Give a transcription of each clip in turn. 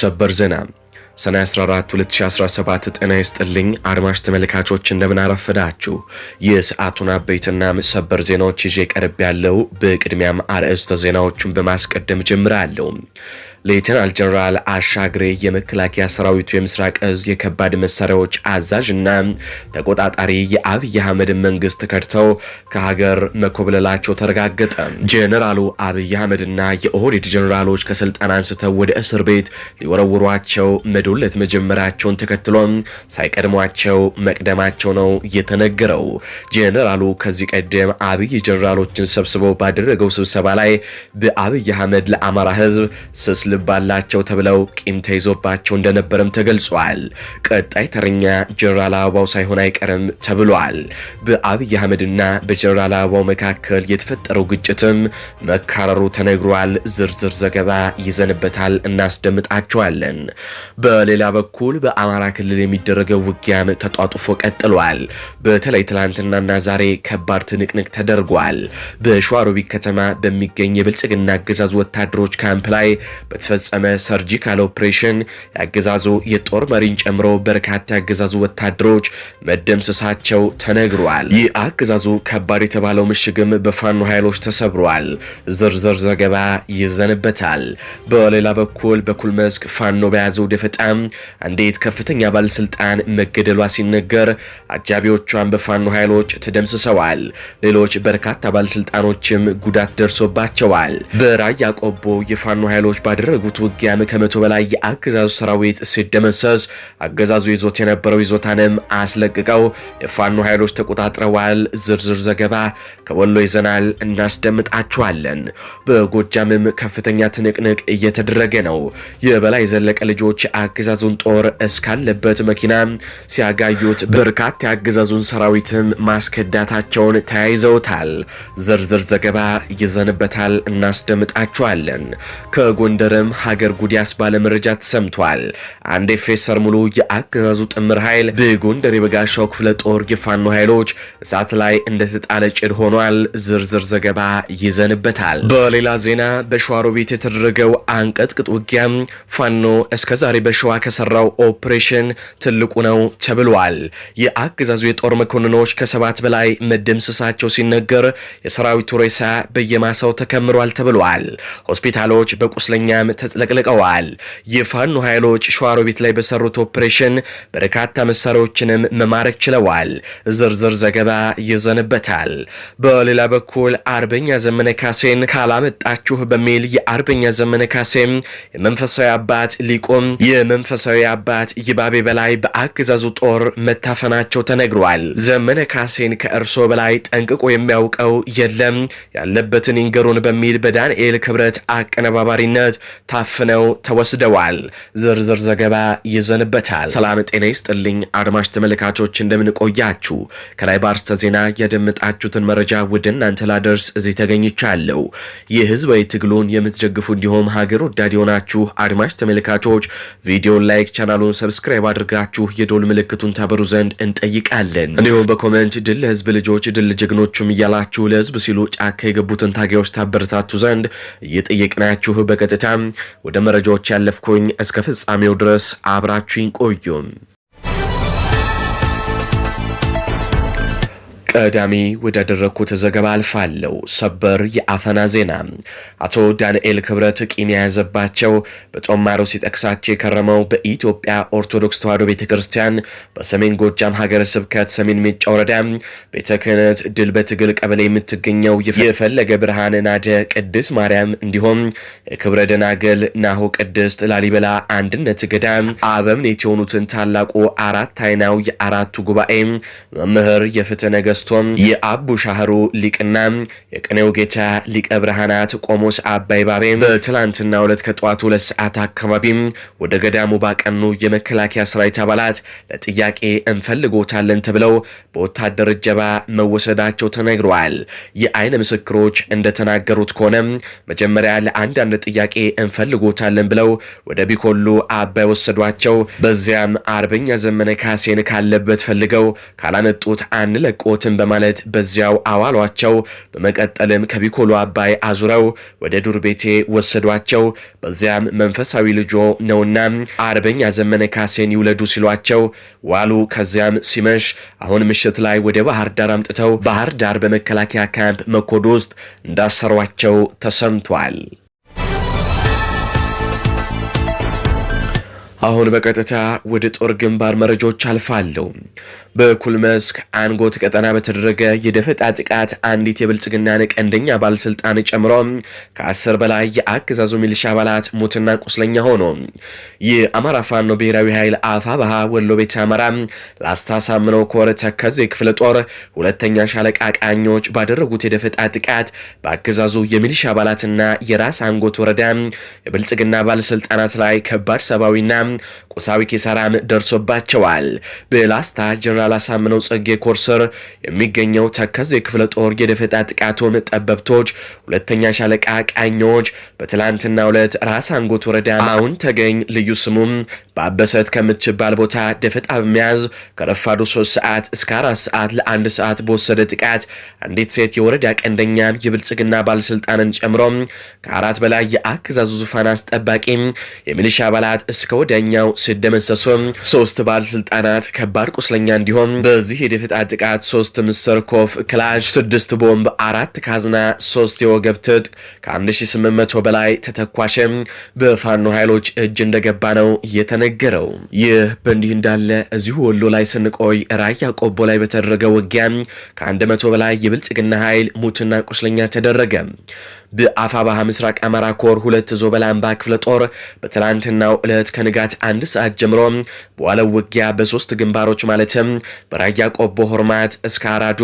ሰበር ዜና ሰኔ 14 2017። ጤና ይስጥልኝ አድማጭ ተመልካቾች እንደምን አረፈዳችሁ። የሰዓቱን አበይትና ሰበር ዜናዎች ይዤ ቀርብ ያለው። በቅድሚያም አርዕስተ ዜናዎቹን በማስቀደም ጀምራለሁ። ሌተናል ጀነራል አሻግሬ የመከላከያ ሰራዊቱ የምስራቅ እዝ የከባድ መሳሪያዎች አዛዥና ተቆጣጣሪ የአብይ አህመድን መንግስት ከድተው ከሀገር መኮብለላቸው ተረጋገጠ። ጀነራሉ አብይ አህመድና የኦህዴድ ጀነራሎች ከስልጣን አንስተው ወደ እስር ቤት ሊወረውሯቸው መዶለት መጀመራቸውን ተከትሎ ሳይቀድሟቸው መቅደማቸው ነው የተነገረው። ጀነራሉ ከዚህ ቀደም አብይ ጀነራሎችን ሰብስበው ባደረገው ስብሰባ ላይ በአብይ አህመድ ለአማራ ህዝብ ስስል ልብ አላቸው ተብለው ቂም ተይዞባቸው እንደነበረም ተገልጿል። ቀጣይ ተረኛ ጀነራል አበባው ሳይሆን አይቀርም ተብሏል። በአብይ አህመድና በጀነራል አበባው መካከል የተፈጠረው ግጭትም መካረሩ ተነግሯል። ዝርዝር ዘገባ ይዘንበታል፣ እናስደምጣቸዋለን። በሌላ በኩል በአማራ ክልል የሚደረገው ውጊያም ተጧጡፎ ቀጥሏል። በተለይ ትላንትናና ዛሬ ከባድ ትንቅንቅ ተደርጓል። በሸዋሮቢት ከተማ በሚገኝ የብልጽግና አገዛዝ ወታደሮች ካምፕ ላይ በተፈጸመ ሰርጂካል ኦፕሬሽን የአገዛዙ የጦር መሪን ጨምሮ በርካታ የአገዛዙ ወታደሮች መደምሰሳቸው ተነግሯል። ይህ አገዛዙ ከባድ የተባለው ምሽግም በፋኖ ኃይሎች ተሰብሯል። ዝርዝር ዘገባ ይዘንበታል። በሌላ በኩል በኩል መስክ ፋኖ በያዘው ደፈጣም እንዴት ከፍተኛ ባለስልጣን መገደሏ ሲነገር አጃቢዎቿን በፋኖ ኃይሎች ተደምስሰዋል። ሌሎች በርካታ ባለስልጣኖችም ጉዳት ደርሶባቸዋል። በራያ ቆቦ የፋኖ ኃይሎች ባደረ ባደረጉት ውጊያም ከመቶ በላይ የአገዛዙ ሰራዊት ሲደመሰስ አገዛዙ ይዞት የነበረው ይዞታንም አስለቅቀው የፋኖ ኃይሎች ተቆጣጥረዋል። ዝርዝር ዘገባ ከወሎ ይዘናል፣ እናስደምጣችኋለን። በጎጃምም ከፍተኛ ትንቅንቅ እየተደረገ ነው። የበላይ ዘለቀ ልጆች የአገዛዙን ጦር እስካለበት መኪና ሲያጋዩት በርካታ የአገዛዙን ሰራዊትም ማስከዳታቸውን ተያይዘውታል። ዝርዝር ዘገባ ይዘንበታል፣ እናስደምጣችኋለን። ከጎንደር ዓለም ሀገር ጉዲያስ ባለ መረጃ ተሰምቷል። አንድ ፌሰር ሙሉ የአገዛዙ ጥምር ኃይል በጎንደር የበጋሻው ክፍለ ጦር የፋኖ ኃይሎች እሳት ላይ እንደተጣለ ጭድ ሆኗል። ዝርዝር ዘገባ ይዘንበታል። በሌላ ዜና በሸዋሮቢት የተደረገው አንቀጥቅጥ ቅጥውጊያ ፋኖ እስከዛሬ በሸዋ ከሰራው ኦፕሬሽን ትልቁ ነው ተብሏል። የአገዛዙ የጦር መኮንኖች ከሰባት በላይ መደምሰሳቸው ሲነገር የሰራዊቱ ሬሳ በየማሳው ተከምሯል ተብሏል። ሆስፒታሎች በቁስለኛ በሰላም ተጥለቅልቀዋል። የፋኖ ኃይሎች ሸዋሮቢት ላይ በሰሩት ኦፕሬሽን በርካታ መሳሪያዎችንም መማረክ ችለዋል። ዝርዝር ዘገባ ይዘንበታል። በሌላ በኩል አርበኛ ዘመነ ካሴን ካላመጣችሁ በሚል የአርበኛ ዘመነ ካሴም የመንፈሳዊ አባት ሊቆም የመንፈሳዊ አባት ይባቤ በላይ በአገዛዙ ጦር መታፈናቸው ተነግሯል። ዘመነ ካሴን ከእርሶ በላይ ጠንቅቆ የሚያውቀው የለም ያለበትን ይንገሩን በሚል በዳንኤል ክብረት አቀነባባሪነት ታፍነው ተወስደዋል። ዝርዝር ዘገባ ይዘንበታል። ሰላም ጤና ይስጥልኝ አድማጭ ተመልካቾች እንደምንቆያችሁ። ከላይ ባርስተ ዜና ያደመጣችሁትን መረጃ ወደ እናንተ ላደርስ እዚህ ተገኝቻለሁ። ይህ ህዝባዊ ትግሉን የምትደግፉ እንዲሁም ሀገር ወዳድ የሆናችሁ አድማጭ ተመልካቾች ቪዲዮን ላይክ፣ ቻናሉን ሰብስክራይብ አድርጋችሁ የዶል ምልክቱን ታበሩ ዘንድ እንጠይቃለን። እንዲሁም በኮመንት ድል ለህዝብ ልጆች ድል ጀግኖቹም እያላችሁ ለህዝብ ሲሉ ጫካ የገቡትን ታጋዮች ታበረታቱ ዘንድ እየጠየቅናችሁ በቀጥታም ወደ መረጃዎች ያለፍኩኝ እስከ ፍጻሜው ድረስ አብራችሁኝ ቆዩ። ቀዳሚ ወዳደረግኩት ዘገባ አልፋለሁ። ሰበር የአፈና ዜና አቶ ዳንኤል ክብረት ቂም የያዘባቸው በጦማሮ ሲጠቅሳቸው የከረመው በኢትዮጵያ ኦርቶዶክስ ተዋሕዶ ቤተ ክርስቲያን በሰሜን ጎጃም ሀገረ ስብከት ሰሜን ሜጫ ወረዳ ቤተ ክህነት ድል በትግል ቀበሌ የምትገኘው የፈለገ ብርሃን ናደ ቅድስት ማርያም እንዲሁም የክብረ ደናገል ናሆ ቅድስት ላሊበላ አንድነት ገዳም አበምኔት የሆኑትን ታላቁ አራት አይናው የአራቱ ጉባኤ መምህር የፍትህ ነገስቱ ተነስቶም የአቡ ሻህሩ ሊቅና የቅኔው ጌታ ሊቀ ብርሃናት ቆሞስ አባይ ባቤ በትላንትና ሁለት ከጠዋቱ ሁለት ሰዓት አካባቢ ወደ ገዳሙ ባቀኑ የመከላከያ ሰራዊት አባላት ለጥያቄ እንፈልጎታለን ተብለው በወታደር እጀባ መወሰዳቸው ተነግረዋል። የአይን ምስክሮች እንደተናገሩት ከሆነ መጀመሪያ ለአንዳንድ ጥያቄ እንፈልጎታለን ብለው ወደ ቢኮሉ አባይ ወሰዷቸው። በዚያም አርበኛ ዘመነ ካሴን ካለበት ፈልገው ካላመጡት አንለቆት አልደርስም በማለት በዚያው አዋሏቸው። በመቀጠልም ከቢኮሎ አባይ አዙረው ወደ ዱር ቤቴ ወሰዷቸው። በዚያም መንፈሳዊ ልጆ ነውና አርበኛ ዘመነ ካሴን ይውለዱ ሲሏቸው ዋሉ። ከዚያም ሲመሽ አሁን ምሽት ላይ ወደ ባህር ዳር አምጥተው ባህር ዳር በመከላከያ ካምፕ መኮድ ውስጥ እንዳሰሯቸው ተሰምቷል። አሁን በቀጥታ ወደ ጦር ግንባር መረጃዎች አልፋለሁ። በኩል መስክ አንጎት ቀጠና በተደረገ የደፈጣ ጥቃት አንዲት የብልጽግና ቀንደኛ ባለስልጣን ጨምሮ ከአስር በላይ የአገዛዙ ሚሊሻ አባላት ሞትና ቁስለኛ ሆኖ የአማራ ፋኖ ብሔራዊ ኃይል አፋ ባሃ ወሎ ቤተ አማራ ላስታሳምነው ኮር ተከዜ ክፍለ ጦር ሁለተኛ ሻለቃ ቃኞች ባደረጉት የደፈጣ ጥቃት በአገዛዙ የሚሊሻ አባላትና የራስ አንጎት ወረዳ የብልጽግና ባለስልጣናት ላይ ከባድ ሰብአዊና ቁሳዊ ኪሳራም ደርሶባቸዋል። በላስታ ጀነራል ያላሳምነው ጸጌ ኮርሰር የሚገኘው ተከዜ ክፍለ ጦር የደፈጣ ጥቃቱን ጠበብቶች ሁለተኛ ሻለቃ ቃኞች በትላንትና ሁለት ራስ አንጎት ወረዳ አሁን ተገኝ ልዩ ስሙም በአበሰት ከምትባል ቦታ ደፈጣ በመያዝ ከረፋዱ 3 ሰዓት እስከ 4 ሰዓት ለአንድ ሰዓት በወሰደ ጥቃት አንዲት ሴት የወረዳ ቀንደኛ የብልጽግና ባለስልጣንን ጨምሮ ከአራት በላይ የአገዛዙ ዙፋን አስጠባቂ የሚሊሻ አባላት እስከ ወዲያኛው ሲደመሰሱ ሶስት ባለስልጣናት ከባድ ቁስለኛ እንዲሆን በዚህ የደፈጣ ጥቃት ሶስት ኮፍ ክላሽ፣ ስድስት ቦምብ፣ አራት ካዝና፣ ሶስት የወገብ ትጥቅ ከ1800 በላይ ተተኳሽም በፋኖ ኃይሎች እጅ እንደገባ ነው የተነ የተነገረው። ይህ በእንዲህ እንዳለ እዚሁ ወሎ ላይ ስንቆይ ራያ ቆቦ ላይ በተደረገ ውጊያ ከአንድ መቶ በላይ የብልጽግና ኃይል ሙትና ቁስለኛ ተደረገ። በአፋባሃ ምስራቅ አማራ ኮር ሁለት ዞበላምባ አምባ ክፍለ ጦር በትላንትናው ዕለት ከንጋት አንድ ሰዓት ጀምሮ በዋለው ውጊያ በሶስት ግንባሮች ማለትም በራያ ቆቦ ሆርማት እስከ አራዱ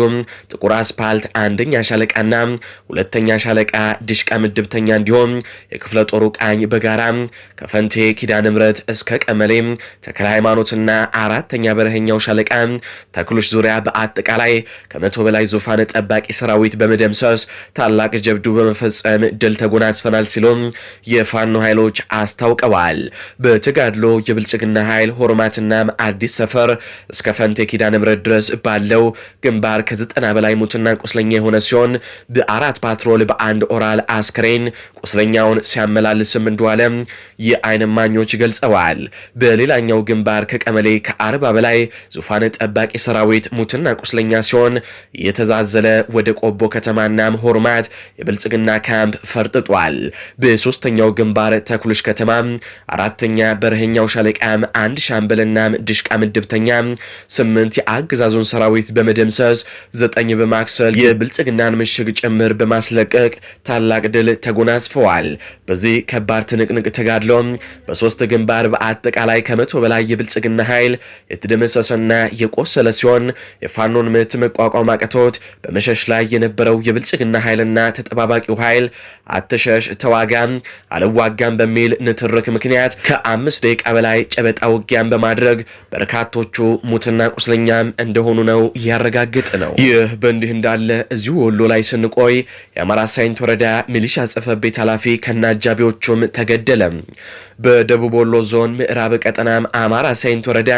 ጥቁር አስፓልት አንደኛ ሻለቃና ሁለተኛ ሻለቃ ድሽቃ ምድብተኛ እንዲሁም የክፍለ ጦሩ ቃኝ በጋራ ከፈንቴ ኪዳን ምረት እስከ ቀመሌ ተክለ ሃይማኖትና አራተኛ በረሀኛው ሻለቃ ተክሎች ዙሪያ በአጠቃላይ ከመቶ በላይ ዙፋን ጠባቂ ሰራዊት በመደምሰስ ታላቅ ጀብዱ በመፈጸም በመፈጸም ድል ተጎናጽፈናል ሲሉም የፋኖ ኃይሎች አስታውቀዋል። በተጋድሎ የብልጽግና ኃይል ሆርማትናም አዲስ ሰፈር እስከ ፈንቴ ኪዳነ ምሕረት ድረስ ባለው ግንባር ከዘጠና በላይ ሙትና ቁስለኛ የሆነ ሲሆን በአራት ፓትሮል በአንድ ኦራል አስክሬን ቁስለኛውን ሲያመላልስም እንደዋለ የአይን እማኞች ገልጸዋል። በሌላኛው ግንባር ከቀመሌ ከአርባ በላይ ዙፋን ጠባቂ ሰራዊት ሙትና ቁስለኛ ሲሆን የተዛዘለ ወደ ቆቦ ከተማና ሆርማት የብልጽግና ካምፕ ፈርጥጧል። በሶስተኛው ግንባር ተኩልሽ ከተማ፣ አራተኛ በረህኛው ሻለቃም አንድ ሻምበልና ድሽቃ ምድብተኛ፣ ስምንት የአገዛዙን ሰራዊት በመደምሰስ ዘጠኝ በማክሰል የብልጽግናን ምሽግ ጭምር በማስለቀቅ ታላቅ ድል ተጎናጽፈዋል። በዚህ ከባድ ትንቅንቅ ተጋድሎ በሶስት ግንባር በአጠቃላይ ከመቶ በላይ የብልጽግና ኃይል የተደመሰሰና የቆሰለ ሲሆን የፋኖን ምት መቋቋም አቅቶት በመሸሽ ላይ የነበረው የብልጽግና ኃይልና ተጠባባቂው ኃይል ኃይል አትሸሽ፣ ተዋጋም አልዋጋም በሚል ንትርክ ምክንያት ከአምስት ደቂቃ በላይ ጨበጣ ውጊያን በማድረግ በርካቶቹ ሙትና ቁስለኛም እንደሆኑ ነው ያረጋግጥ ነው። ይህ በእንዲህ እንዳለ እዚሁ ወሎ ላይ ስንቆይ የአማራ ሳይንት ወረዳ ሚሊሻ ጽሕፈት ቤት ኃላፊ ከናጃቢዎቹም ተገደለ። በደቡብ ወሎ ዞን ምዕራብ ቀጠናም አማራ ሳይንት ወረዳ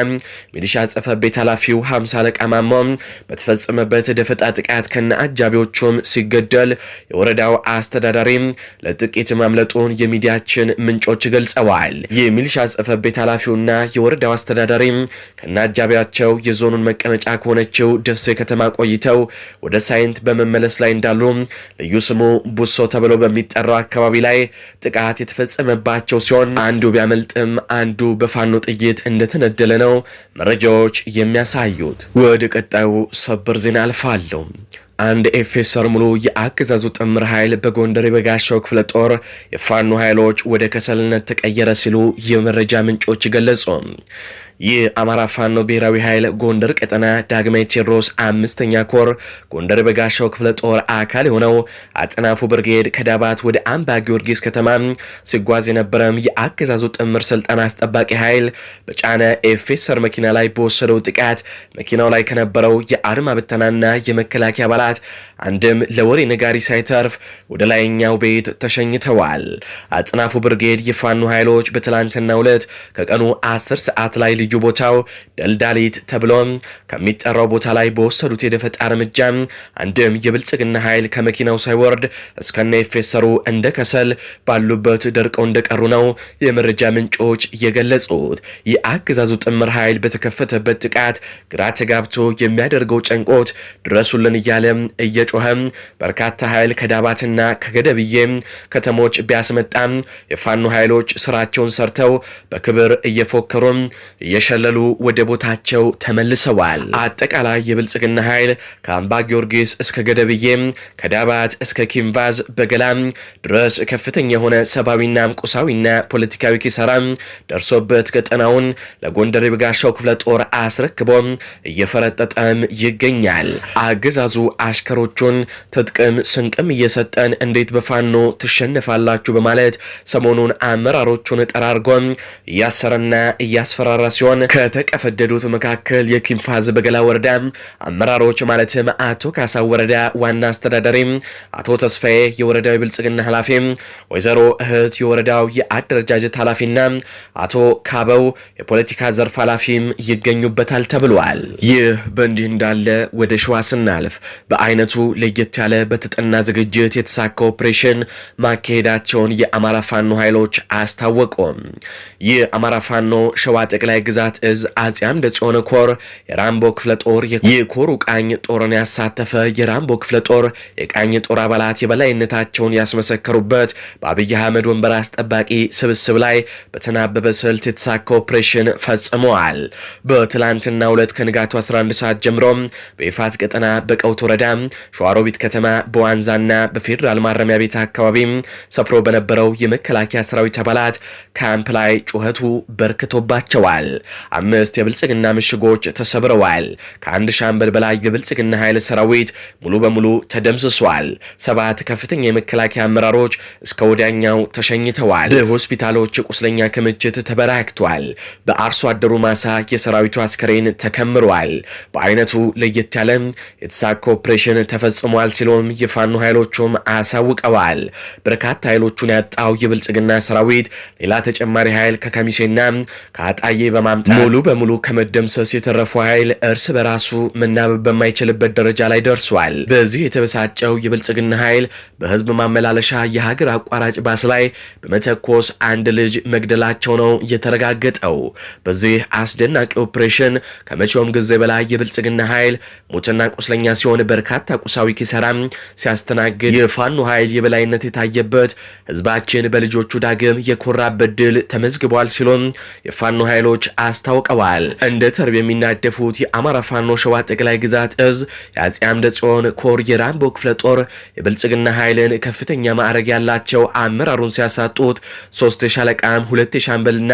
ሚሊሻ ጽሕፈት ቤት ኃላፊው ሀምሳ አለቃ በተፈጸመበት ደፈጣ ጥቃት አጃቢዎቹም ሲገደል የወረዳው አ አስተዳዳሪ ለጥቂት ማምለጡን የሚዲያችን ምንጮች ገልጸዋል። የሚሊሻ ጽህፈት ቤት ኃላፊውና የወረዳው አስተዳዳሪ ከነአጃቢያቸው የዞኑን መቀመጫ ከሆነችው ደሴ ከተማ ቆይተው ወደ ሳይንት በመመለስ ላይ እንዳሉ ልዩ ስሙ ቡሶ ተብሎ በሚጠራው አካባቢ ላይ ጥቃት የተፈጸመባቸው ሲሆን አንዱ ቢያመልጥም አንዱ በፋኖ ጥይት እንደተነደለ ነው መረጃዎች የሚያሳዩት። ወደ ቀጣዩ ሰበር ዜና አልፋለሁ። አንድ ኤፌሰር ሙሉ የአገዛዙ ጥምር ኃይል በጎንደር የበጋሻው ክፍለ ጦር የፋኖ ኃይሎች ወደ ከሰልነት ተቀየረ ሲሉ የመረጃ ምንጮች ገለጹ። የአማራ ፋኖ ብሔራዊ ኃይል ጎንደር ቀጠና ዳግማዊ ቴዎድሮስ አምስተኛ ኮር ጎንደር በጋሻው ክፍለ ጦር አካል የሆነው አጥናፉ ብርጌድ ከዳባት ወደ አምባ ጊዮርጊስ ከተማ ሲጓዝ የነበረም የአገዛዙ ጥምር ስልጠና አስጠባቂ ኃይል በጫነ ኤፌሰር መኪና ላይ በወሰደው ጥቃት መኪናው ላይ ከነበረው የአድማ ብተናና የመከላከያ አባላት አንድም ለወሬ ነጋሪ ሳይተርፍ ወደ ላይኛው ቤት ተሸኝተዋል። አጥናፉ ብርጌድ የፋኖ ኃይሎች በትላንትናው ዕለት ከቀኑ 10 ሰዓት ላይ ልዩ ቦታው ደልዳሊት ተብሎ ከሚጠራው ቦታ ላይ በወሰዱት የደፈጣ እርምጃ አንድም የብልጽግና ኃይል ከመኪናው ሳይወርድ እስከነ የፌሰሩ እንደ ከሰል ባሉበት ደርቀው እንደቀሩ ነው የመረጃ ምንጮች የገለጹት። የአገዛዙ ጥምር ኃይል በተከፈተበት ጥቃት ግራ ተጋብቶ የሚያደርገው ጨንቆት ድረሱልን እያለ እየጮኸም በርካታ ኃይል ከዳባትና ከገደብዬ ከተሞች ቢያስመጣም የፋኖ ኃይሎች ስራቸውን ሰርተው በክብር እየፎከሩም የሸለሉ ወደ ቦታቸው ተመልሰዋል። አጠቃላይ የብልጽግና ኃይል ከአምባ ጊዮርጊስ እስከ ገደብዬም ከዳባት እስከ ኪንቫዝ በገላም ድረስ ከፍተኛ የሆነ ሰብአዊና ቁሳዊና ፖለቲካዊ ኪሳራም ደርሶበት ቀጠናውን ለጎንደር የበጋሻው ክፍለ ጦር አስረክቦም እየፈረጠጠም ይገኛል። አገዛዙ አሽከሮቹን ትጥቅም ስንቅም እየሰጠን እንዴት በፋኖ ትሸነፋላችሁ በማለት ሰሞኑን አመራሮቹን ጠራርጎም እያሰረና እያስፈራራ ሲሆን ሲሆን ከተቀፈደዱት መካከል የኪንፋዝ በገላ ወረዳ አመራሮች ማለትም አቶ ካሳ ወረዳ ዋና አስተዳዳሪ፣ አቶ ተስፋዬ የወረዳው የብልጽግና ኃላፊ፣ ወይዘሮ እህት የወረዳው የአደረጃጀት ኃላፊና አቶ ካበው የፖለቲካ ዘርፍ ኃላፊም ይገኙበታል ተብሏል። ይህ በእንዲህ እንዳለ ወደ ሸዋ ስናልፍ በአይነቱ ለየት ያለ በተጠና ዝግጅት የተሳካ ኦፕሬሽን ማካሄዳቸውን የአማራ ፋኖ ኃይሎች አስታወቁም። ይህ አማራ ፋኖ ሸዋ ጠቅላይ ግዛ ግዛት እዝ አጼ አምደ ጽዮን ኮር የራምቦ ክፍለ ጦር የኮሩ ቃኝ ጦርን ያሳተፈ የራምቦ ክፍለ ጦር የቃኝ ጦር አባላት የበላይነታቸውን ያስመሰከሩበት በአብይ አህመድ ወንበር አስጠባቂ ስብስብ ላይ በተናበበ ስልት የተሳካ ኦፕሬሽን ፈጽመዋል። በትላንትና ሁለት ከንጋቱ 11 ሰዓት ጀምሮም በይፋት ቀጠና በቀውት ወረዳ ሸዋሮቢት ከተማ በዋንዛና በፌዴራል ማረሚያ ቤት አካባቢ ሰፍሮ በነበረው የመከላከያ ሰራዊት አባላት ካምፕ ላይ ጩኸቱ በርክቶባቸዋል። አምስት የብልጽግና ምሽጎች ተሰብረዋል። ከአንድ ሻምበል በላይ የብልጽግና ኃይል ሰራዊት ሙሉ በሙሉ ተደምስሷል። ሰባት ከፍተኛ የመከላከያ አመራሮች እስከ ወዲያኛው ተሸኝተዋል። በሆስፒታሎች ቁስለኛ ክምችት ተበራክቷል። በአርሶ አደሩ ማሳ የሰራዊቱ አስከሬን ተከምሯል። በአይነቱ ለየት ያለም የተሳካ ኦፕሬሽን ተፈጽሟል ሲሉም የፋኖ ኃይሎቹም አሳውቀዋል። በርካታ ኃይሎቹን ያጣው የብልጽግና ሰራዊት ሌላ ተጨማሪ ኃይል ከከሚሴና ከአጣዬ በማ ተደማምጠ ሙሉ በሙሉ ከመደምሰስ የተረፈው ኃይል እርስ በራሱ መናበብ በማይችልበት ደረጃ ላይ ደርሷል። በዚህ የተበሳጨው የብልጽግና ኃይል በህዝብ ማመላለሻ የሀገር አቋራጭ ባስ ላይ በመተኮስ አንድ ልጅ መግደላቸው ነው የተረጋገጠው። በዚህ አስደናቂ ኦፕሬሽን ከመቼውም ጊዜ በላይ የብልጽግና ኃይል ሞትና ቁስለኛ ሲሆን በርካታ ቁሳዊ ኪሰራም ሲያስተናግድ የፋኖ ኃይል የበላይነት የታየበት ህዝባችን በልጆቹ ዳግም የኮራበት ድል ተመዝግቧል ሲሉም የፋኖ ኃይሎች አስታውቀዋል። እንደ ተርብ የሚናደፉት የአማራ ፋኖ ሸዋ ጠቅላይ ግዛት እዝ የአጼ አምደ ጽዮን ኮር የራምቦ ክፍለ ጦር የብልጽግና ኃይልን ከፍተኛ ማዕረግ ያላቸው አመራሩን ሲያሳጡት ሶስት የሻለቃም ሁለት የሻምበልና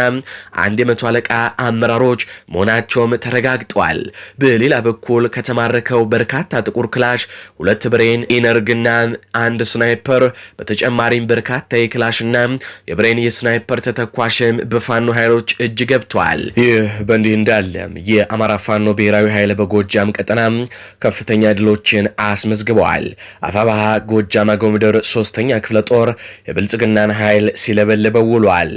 አንድ የመቶ አለቃ አመራሮች መሆናቸውም ተረጋግጠዋል። በሌላ በኩል ከተማረከው በርካታ ጥቁር ክላሽ ሁለት ብሬን ኢነርግና አንድ ስናይፐር በተጨማሪም በርካታ የክላሽና የብሬን የስናይፐር ተተኳሽም በፋኖ ኃይሎች እጅ ገብተዋል። ይህ በእንዲህ እንዳለ የአማራ ፋኖ ብሔራዊ ኃይል በጎጃም ቀጠና ከፍተኛ ድሎችን አስመዝግበዋል። አፋባሃ ጎጃም አገው ሶስተኛ ክፍለ ጦር የብልጽግናን ኃይል ሲለበለበው ውሏል።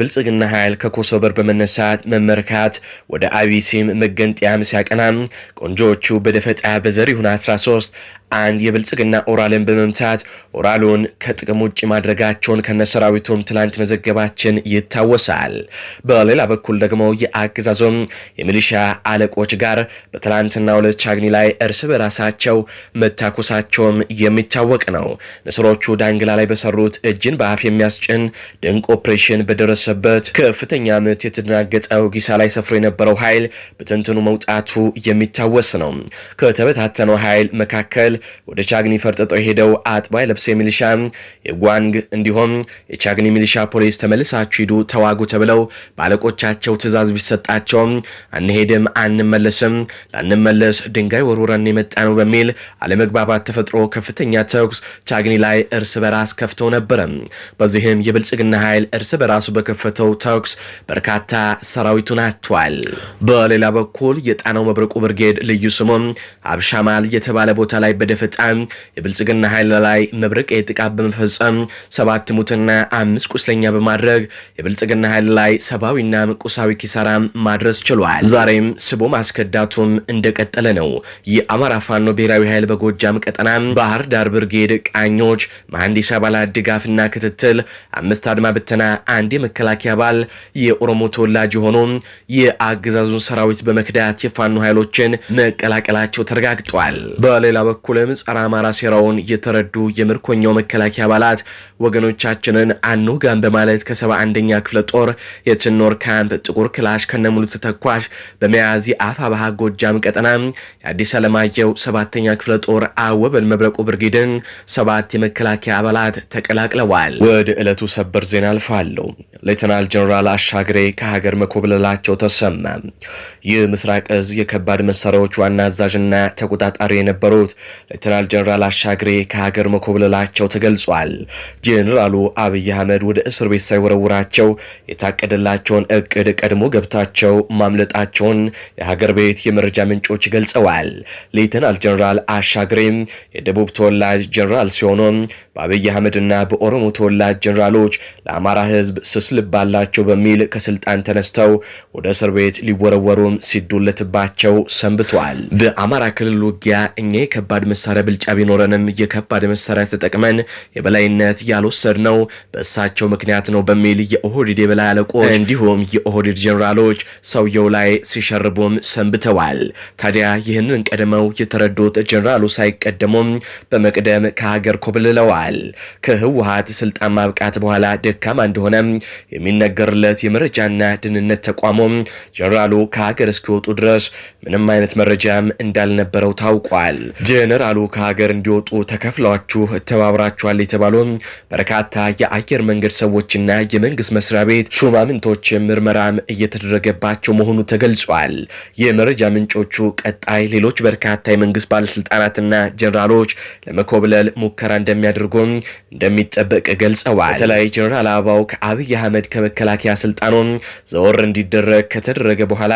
ብልጽግና ኃይል ከኮሶበር በመነሳት መመርካት ወደ አቢሲም መገንጥያም ሲያቀና ቆንጆዎቹ በደፈጣ በዘሪሁን 13 አንድ የብልጽግና ኦራልን በመምታት ኦራሉን ከጥቅም ውጭ ማድረጋቸውን ከነሰራዊቱም ትላንት መዘገባችን ይታወሳል። በሌላ በኩል ደግሞ የአገዛዞም የሚሊሻ አለቆች ጋር በትላንትና ሁለት ቻግኒ ላይ እርስ በራሳቸው መታኮሳቸውም የሚታወቅ ነው። ንስሮቹ ዳንግላ ላይ በሰሩት እጅን በአፍ የሚያስጭን ድንቅ ኦፕሬሽን በደረሰበት ከፍተኛ ምት የተደናገጠው ጊሳ ላይ ሰፍሮ የነበረው ኃይል በትንትኑ መውጣቱ የሚታወስ ነው። ከተበታተነው ኃይል መካከል ወደ ቻግኒ ፈርጥጠው የሄደው አጥባ የለብሰ ሚሊሻ የጓንግ እንዲሁም የቻግኒ ሚሊሻ ፖሊስ ተመልሳችሁ ሂዱ ተዋጉ ተብለው በአለቆቻቸው ትእዛዝ ቢሰጣቸውም አንሄድም፣ አንመለስም፣ ላንመለስ ድንጋይ ወርውረን የመጣ ነው በሚል አለመግባባት ተፈጥሮ ከፍተኛ ተኩስ ቻግኒ ላይ እርስ በራስ ከፍተው ነበረ። በዚህም የብልጽግና ኃይል እርስ በራሱ በከፈተው ተኩስ በርካታ ሰራዊቱን አጥቷል። በሌላ በኩል የጣናው መብረቁ ብርጌድ ልዩ ስሙም አብሻማል የተባለ ቦታ ላይ በደፈጣ የብልጽግና ኃይል ላይ መብረቅ ጥቃት በመፈጸም ሰባት ሙትና አምስት ቁስለኛ በማድረግ የብልጽግና ኃይል ላይ ሰብአዊና ቁሳዊ ኪሳራ ማድረስ ችሏል። ዛሬም ስቦ ማስከዳቱም እንደቀጠለ ነው። የአማራ ፋኖ ብሔራዊ ኃይል በጎጃም ቀጠና ባህር ዳር ብርጌድ ቃኞች መሐንዲስ አባላት ድጋፍና ክትትል አምስት አድማ ብተና አንድ የመከላከያ አባል የኦሮሞ ተወላጅ የሆኑ የአገዛዙን ሰራዊት በመክዳት የፋኖ ኃይሎችን መቀላቀላቸው ተረጋግጧል። በሌላ በኩል በኩልም ጸረ አማራ ሴራውን የተረዱ የምርኮኛው መከላከያ አባላት ወገኖቻችንን አኑጋን በማለት ከሰባ አንደኛ ክፍለ ጦር የትኖር ካምፕ ጥቁር ክላሽ ከነሙሉ ተተኳሽ በመያዝ የአፋ ባህ ጎጃም ቀጠና የአዲስ አለማየሁ ሰባተኛ ክፍለ ጦር አወበን መብረቁ ብርጊድን ሰባት የመከላከያ አባላት ተቀላቅለዋል። ወደ ዕለቱ ሰበር ዜና አልፋለሁ። ሌተናል ጀኔራል አሻግሬ ከሀገር መኮብለላቸው ተሰማ። ይህ ምስራቅ እዝ የከባድ መሳሪያዎች ዋና አዛዥና ተቆጣጣሪ የነበሩት ሌተናል ጀኔራል አሻግሬ ከሀገር መኮብለላቸው ተገልጿል። ጄኔራሉ አብይ አህመድ ወደ እስር ቤት ሳይወረውራቸው የታቀደላቸውን እቅድ ቀድሞ ገብታቸው ማምለጣቸውን የሀገር ቤት የመረጃ ምንጮች ገልጸዋል። ሌተናል ጀኔራል አሻግሬም የደቡብ ተወላጅ ጀኔራል ሲሆኑ በአብይ አህመድና በኦሮሞ ተወላጅ ጀኔራሎች ለአማራ ህዝብ ስስ ልብ አላቸው በሚል ከስልጣን ተነስተው ወደ እስር ቤት ሊወረወሩም ሲዱለትባቸው ሰንብቷል። በአማራ ክልል ውጊያ እኛ የከባድ መሳሪያ ብልጫ ቢኖረንም የከባድ መሳሪያ ተጠቅመን የበላይነት ያልወሰድ ነው በእሳቸው ምክንያት ነው በሚል የኦህዴድ የበላይ አለቆች እንዲሁም የኦህዴድ ጀኔራሎች ሰውየው ላይ ሲሸርቡም ሰንብተዋል። ታዲያ ይህንን ቀድመው የተረዱት ጀኔራሉ ሳይቀደሙም በመቅደም ከሀገር ኮብልለዋል። ከህወሀት ስልጣን ማብቃት በኋላ ደካማ እንደሆነ የሚነገርለት የመረጃና ደህንነት ተቋሙም ጀኔራሉ ከሀገር እስኪወጡ ድረስ ምንም አይነት መረጃም እንዳልነበረው ታውቋል። ጀነራሉ በቀላሉ ከሀገር እንዲወጡ ተከፍለዋችሁ ተባብራችኋል የተባሉ በርካታ የአየር መንገድ ሰዎችና የመንግስት መስሪያ ቤት ሹማምንቶች ምርመራም እየተደረገባቸው መሆኑ ተገልጿል። የመረጃ ምንጮቹ ቀጣይ ሌሎች በርካታ የመንግስት ባለስልጣናትና ጀኔራሎች ለመኮብለል ሙከራ እንደሚያደርጉ እንደሚጠበቅ ገልጸዋል። በተለይ ጀኔራል አበባው ከአብይ አህመድ ከመከላከያ ስልጣኑን ዘወር እንዲደረግ ከተደረገ በኋላ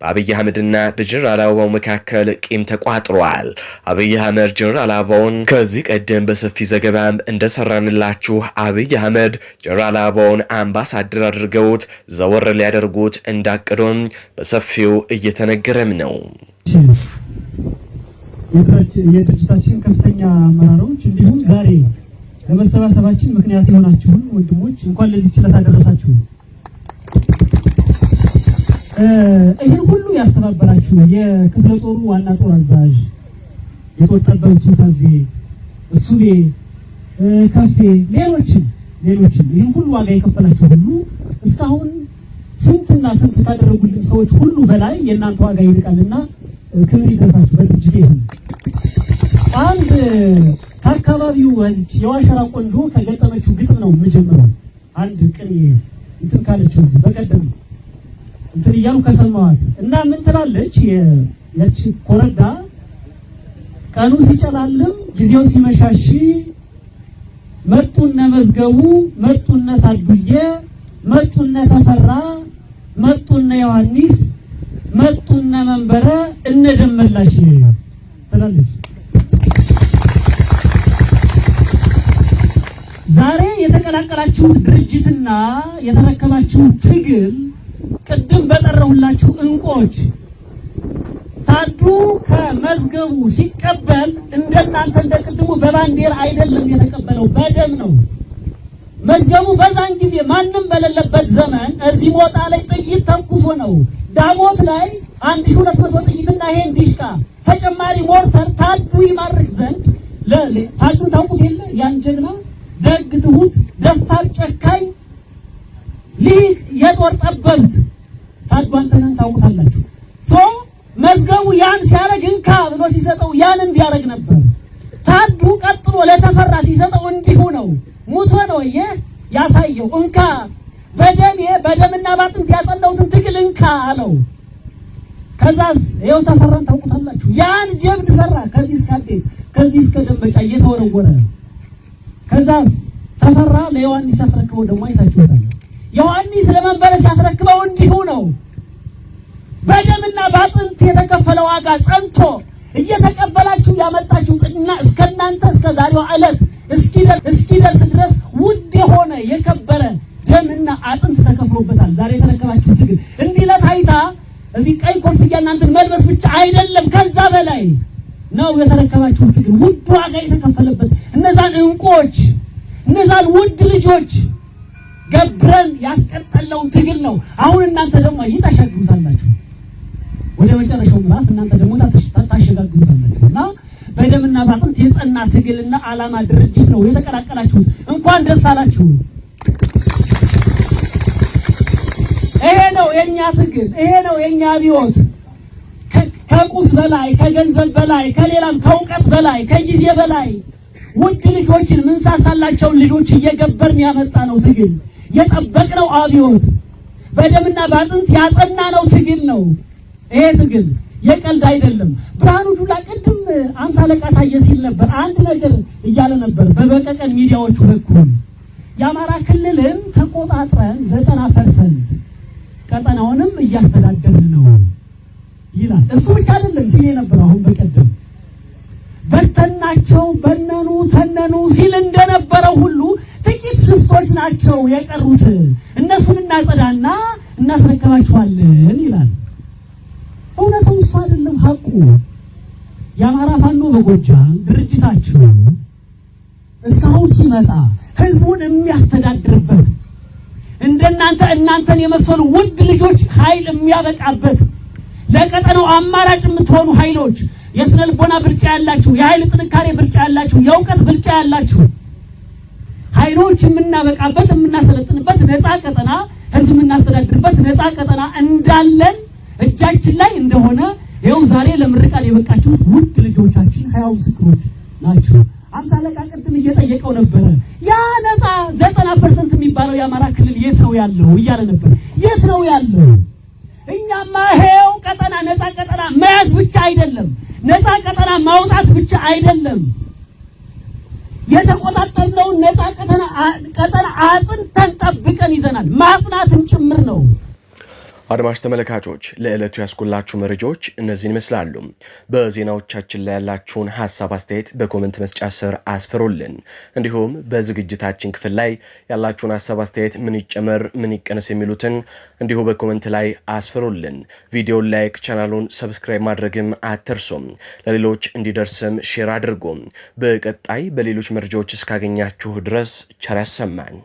በአብይ አህመድና በጀኔራል አበባው መካከል ቂም ተቋጥሯል። አብይ አህመድ ጀነራል አበባውን ከዚህ ቀደም በሰፊ ዘገባ እንደሰራንላችሁ አብይ አህመድ ጀነራል አበባውን አምባሳደር አድርገውት ዘወር ሊያደርጉት እንዳቅዶም በሰፊው እየተነገረም ነው። የድርጅታችን ከፍተኛ አመራሮች እንዲሁም ዛሬ ለመሰባሰባችን ምክንያት የሆናችሁን ወንድሞች እንኳን ለዚህ ችለት አደረሳችሁ። ይህን ሁሉ ያስተባበራችሁ የክፍለ ጦሩ ዋና ጦር አዛዥ የጦጠበብቱ ተዜ እሱቤ ከፌ ሌሎችም ሌሎችም ይህን ሁሉ ዋጋ የከፈላቸው ሁሉ እስካሁን ስንትና ስንት ካደረጉልን ሰዎች ሁሉ በላይ የእናንተ ዋጋ ይልቃልና ክብር ይድረሳችሁ። በድርጅት ይሁን አንድ ከአካባቢው ህዝች የዋሸራ ቆንጆ ከገጠመችው ግጥም ነው የምጀምረው። አንድ ቅኔ እንትን ካለችው እዚህ በቀደም እንትን እያሉ ከሰማዋት እና ምን ትላለች ያቺ ኮረዳ ቀኑ ሲጨላልም ጊዜው ሲመሻሽ መጡነ መዝገቡ መጡነ ታዱዬ መጡነ ተፈራ መጡነ ዮሐንስ መጡነ መንበረ እነ ደመላሽ ትላለች። ዛሬ የተቀላቀላችሁት ድርጅትና የተረከባችሁ ትግል ቅድም በጠራሁላችሁ እንቆች አንዱ ከመዝገቡ ሲቀበል እንደናንተ እንደቅድሙ በባንዲራ አይደለም የተቀበለው፣ በደም ነው መዝገቡ። በዛን ጊዜ ማንም በሌለበት ዘመን እዚህ ሞጣ ላይ ጥይት ተኩሶ ነው። ዳሞት ላይ አንድ ሺህ ሁለት መቶ ጥይትና ይሄን ዲሽቃ ተጨማሪ ሞርተር ታዱ ይማርክ ዘንድ ታዱን ታውቁት የለ ያን ጀግና ደግ፣ ትሁት፣ ደፋር፣ ጨካኝ ሊቅ የጦር ጠበብት ታዱ አንተን ታውቁታላችሁ። እንካ ብሎ ሲሰጠው ያን እንዲያደርግ ነበር። ታዱ ቀጥሎ ለተፈራ ሲሰጠው እንዲሁ ነው። ሙቶ ነው የ ያሳየው እንካ በደሜ በደምና ባጥንት ያጸናሁትን ትግል እንካ አለው። ከዛስ ይኸው ተፈራን ታውቁታላችሁ። ያን ጀብድ ሰራ። ከዚህ እስከ አዴት ከዚህ እስከ ደንበጫ እየተወረወረ ከዛስ ተፈራ ለዮሐንስ ያስረክበው ደግሞ አይታችሁታል። ዮሐንስ ለመንበረ ሲያስረክበው እንዲሁ ነው። በደምና በአጥንት የተከፈለ ዋጋ ጸንቶ እየተቀበላችሁ ያመጣችሁ እና እስከናንተ እስከ ዛሬዋ ዕለት እስኪደርስ ድረስ ውድ የሆነ የከበረ ደምና አጥንት ተከፍሎበታል። ዛሬ የተረከባችሁ ትግል እንዲህ ለታይታ እዚህ ቀይ ኮፍያ እናንተን መልበስ ብቻ አይደለም፣ ከዛ በላይ ነው የተረከባችሁ ትግል። ውድ ዋጋ የተከፈለበት እነዛን እንቁዎች እነዛን ውድ ልጆች ገብረን ያስቀጠለውን ትግል ነው። አሁን እናንተ ደግሞ ይታሻግሩታል። ወደ መጨረሻው ምዕራፍ እናንተ ደግሞ ታሸጋግሩታላችሁ እና በደምና በአጥንት የጸና ትግልና ዓላማ ድርጅት ነው የተቀላቀላችሁት። እንኳን ደስ አላችሁ። ይሄ ነው የኛ ትግል፣ ይሄ ነው የኛ አብዮት። ከቁስ በላይ ከገንዘብ በላይ ከሌላም ከእውቀት በላይ ከጊዜ በላይ ውድ ልጆችን ምንሳሳላቸውን ልጆች እየገበርን ያመጣ ነው ትግል፣ የጠበቅነው አብዮት፣ በደምና በአጥንት ነው ትግል ነው። ይሄ ትግል የቀልድ አይደለም። ብርሃኑ ጁላ ቅድም አምሳ አለቃ ታየ ሲል ነበር አንድ ነገር እያለ ነበር በበቀቀን ሚዲያዎቹ በኩል የአማራ ክልልን ተቆጣጥረን ዘጠና ፐርሰንት ቀጠናውንም እያስተዳደርን ነው ይላል። እሱ ብቻ አይደለም ሲል የነበረው አሁን በቀደም በተናቸው በነኑ ተነኑ ሲል እንደነበረው ሁሉ ጥቂት ሽፍቶች ናቸው የቀሩት፣ እነሱን እናጸዳና እናስረከባቸዋለን ይላል። እውነቱን እሱ አይደለም ሀቁ። የአማራ ፋኖ በጎጃም ድርጅታችሁ እስካሁን ሲመጣ ህዝቡን የሚያስተዳድርበት እንደናንተ እናንተን የመሰሉ ውድ ልጆች ኃይል የሚያበቃበት ለቀጠናው አማራጭ የምትሆኑ ኃይሎች የስነ ልቦና ብልጫ ያላችሁ፣ የኃይል ጥንካሬ ብልጫ ያላችሁ፣ የእውቀት ብልጫ ያላችሁ ኃይሎች የምናበቃበት የምናሰለጥንበት ነፃ ቀጠና ህዝብ የምናስተዳድርበት ነፃ ቀጠና እንዳለን እጃችን ላይ እንደሆነ ይኸው ዛሬ ለምርቃት የበቃችሁት ውድ ልጆቻችን ሀያው ምስክሮች ናቸው። አምሳ አለቃ ቅድም እየጠየቀው ነበረ። ያ ነፃ ዘጠና ፐርሰንት የሚባለው የአማራ ክልል የት ነው ያለው እያለ ነበር። የት ነው ያለው? እኛማ ይኸው ቀጠና ነፃ ቀጠና መያዝ ብቻ አይደለም፣ ነፃ ቀጠና ማውጣት ብቻ አይደለም። የተቆጣጠርነውን ነፃ ቀጠና አጥንተን ጠብቀን ይዘናል። ማጽናትም ጭምር ነው። አድማሽ ተመልካቾች ለዕለቱ ያስኩላችሁ መረጃዎች እነዚህን ይመስላሉ። በዜናዎቻችን ላይ ያላችሁን ሀሳብ አስተያየት በኮመንት መስጫ ስር አስፍሩልን። እንዲሁም በዝግጅታችን ክፍል ላይ ያላችሁን ሀሳብ አስተያየት፣ ምን ይጨመር፣ ምን ይቀነስ የሚሉትን እንዲሁ በኮመንት ላይ አስፍሩልን። ቪዲዮን ላይክ፣ ቻናሉን ሰብስክራይብ ማድረግም አትርሱም። ለሌሎች እንዲደርስም ሼር አድርጎ በቀጣይ በሌሎች መረጃዎች እስካገኛችሁ ድረስ ቸር ያሰማን።